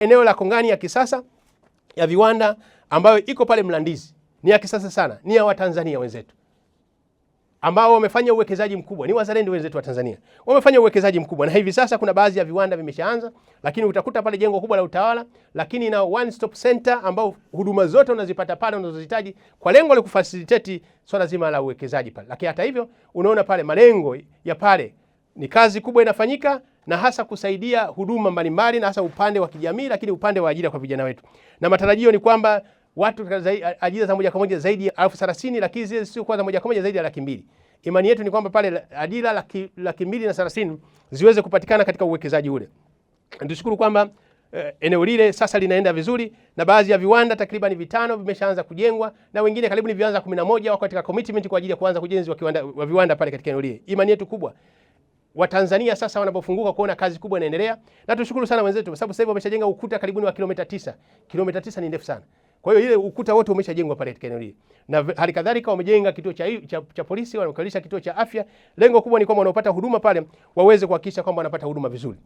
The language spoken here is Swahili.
eneo la kongani ya kisasa ya viwanda ambayo iko pale Mlandizi ni ya kisasa sana, ni ya Watanzania wenzetu ambao wamefanya uwekezaji mkubwa, ni wazalendo wenzetu wa Tanzania wamefanya uwekezaji mkubwa, na hivi sasa kuna baadhi ya viwanda vimeshaanza, lakini utakuta pale jengo kubwa la utawala, lakini na one stop center ambao huduma zote unazipata pale unazozihitaji, kwa lengo la kufacilitate swala zima la uwekezaji pale. Lakini hata hivyo, unaona pale malengo ya pale ni kazi kubwa inafanyika na hasa kusaidia huduma mbalimbali na hasa upande wa kijamii, lakini upande wa ajira kwa vijana wetu, na matarajio ni kwamba watu ajira za moja kwa moja zaidi ya elfu thelathini lakini zile zisizokuwa za moja kwa moja zaidi ya laki mbili. Imani yetu ni kwamba pale ajira laki, laki mbili na thelathini ziweze kupatikana katika uwekezaji ule. Tushukuru kwamba eh, eneo lile sasa linaenda vizuri na baadhi ya viwanda takriban vitano vimeshaanza kujengwa na wengine karibu ni viwanda 11 wako katika commitment kwa ajili ya kuanza ujenzi wa, wa viwanda pale katika eneo lile. Imani yetu kubwa Watanzania sasa wanapofunguka kuona kazi kubwa inaendelea, na tushukuru sana wenzetu, kwa sababu sasa hivi wameshajenga ukuta karibuni wa kilomita tisa. Kilomita tisa ni ndefu sana, kwa hiyo ile ukuta wote umeshajengwa pale katika eneo hili, na hali kadhalika wamejenga kituo cha, cha, cha polisi, wanakalisha kituo cha afya. Lengo kubwa ni kwamba wanaopata huduma pale waweze kuhakikisha kwamba wanapata huduma vizuri.